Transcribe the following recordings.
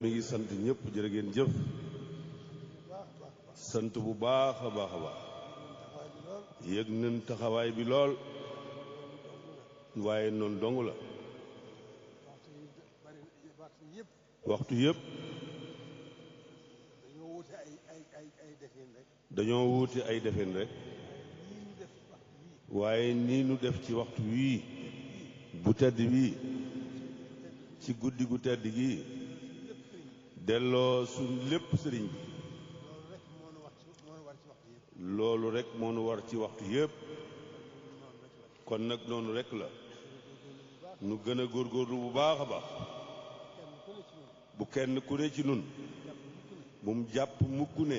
mi ngi sant ñëpp jërë ngeen jëf sant bu baax a baax yëg nañ taxawaay bi lool waaye noon dong la waxtu yépp dañoo wuuti ay defeen rek waaye nii nu def ci waxtu wii bu tedd wii ci guddi gu tedd gii delloo suñ lépp sëriñ bi loolu rek moo nu war ci waxtu yépp kon nag noonu rekk la nu gën a góorlu bu baax a baax bu kenn ku ne ci nun bu mu jàpp mukk ne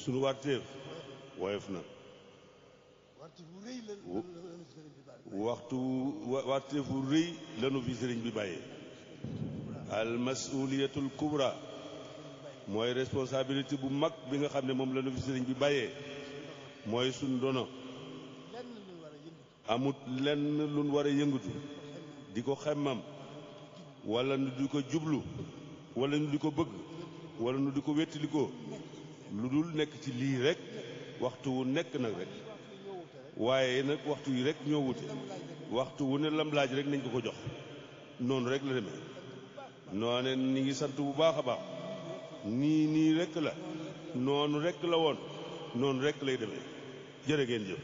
sunu warteef woyof na waxtu warteefu rëy lanu fi sëriñ bi bàyyee al masuliyatul kubra mooy responsabilité bu mag bi nga xam ne moom la nu fi sëriñ bi mooy suñ dono amut lenn luñ war a yëngatu di ko xemmam wala nu di ko jublu walla nu di ko bëgg wala nu di ko wettilikoo lu dul nekk ci lii rek waxtu wu nekk nag rek waaye nag waxtu yi rek ñoo wute waxtu wu ne lam laaj rek nañ ko ko jox noonu rek la demee noone ni ngi sant bu baax a baax nii nii rekk la noonu rekk la woon noonu rekk lay deme jërë ngeen jëf